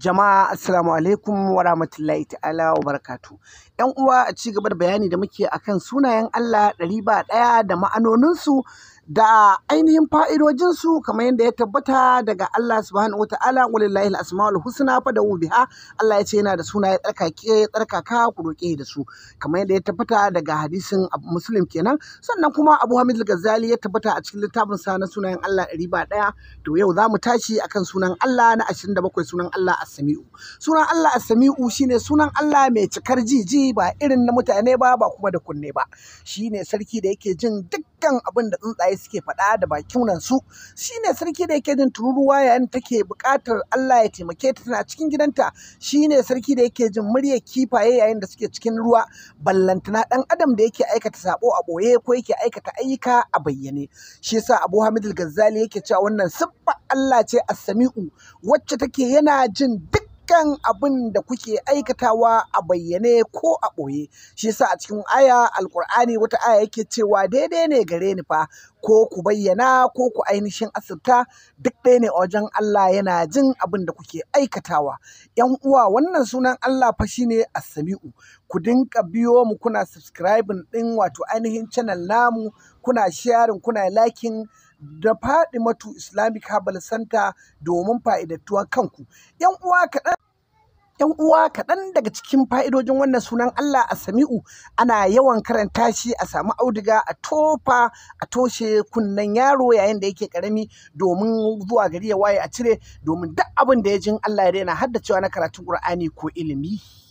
Jama'a assalamu alaikum wa rahmatullahi ta'ala wa barakatu. ‘Yan uwa a ci gaba da bayani da muke akan sunayen Allah ɗari ba ɗaya da ma'anoninsu da ainihin fa'idojinsu kamar yadda ya tabbata daga Allah subhanahu wataala walillahi al-asmaul husna fa da biha Allah ya ce yana da sunaye tsarkake tsarkaka ku roke da su kamar yadda ya tabbata daga hadisin Muslim kenan sannan kuma Abu Hamid al-Ghazali ya tabbata a cikin littafin sa na sunayen Allah ɗari ɗaya to yau zamu tashi akan sunan Allah na bakwai sunan Allah As-Sami'u sunan Allah As-Sami'u shine sunan Allah mai cikar jiji ba irin na mutane ba ba kuma da kunne ba shine sarki da yake jin duk dukkan abin da tsuntsaye suke faɗa da bakin nan su shine sarki da yake jin tururuwa yayin take buƙatar Allah ya taimake ta tana cikin gidanta shine sarki da yake jin muryar kifaye yayin da suke cikin ruwa ballantana ɗan adam da yake aikata sabo a ɓoye ko yake aikata ayyuka a bayyane shi yasa Abu Hamid Al-Ghazali yake cewa wannan sabba' Allah ce as-sami'u wacce take yana jin duk dukkan abin da kuke aikatawa a bayyane ko a ɓoye shi yasa a cikin aya alkur'ani wata aya yake cewa daidai ne gare ni fa ko ku bayyana ko ku ainihin asirta duk ɗaya ne a wajen Allah yana jin abin da kuke aikatawa yan uwa wannan sunan Allah fa shine as ku dinka biyo mu kuna subscribing ɗin, wato ainihin channel namu kuna sharing kuna liking da faɗi matu Islamic Herbal Center domin fa’idattuwa kanku. ‘Yan uwa kaɗan daga cikin fa'idojin wannan sunan Allah a Sami'u ana yawan karanta shi a sami auduga a tofa a toshe kunnen yaro yayin da yake ƙarami domin zuwa gari ya waye a cire domin duk abin da ya jin Allah ya daina haddacewa na karatun Ƙur'ani ko ilimi.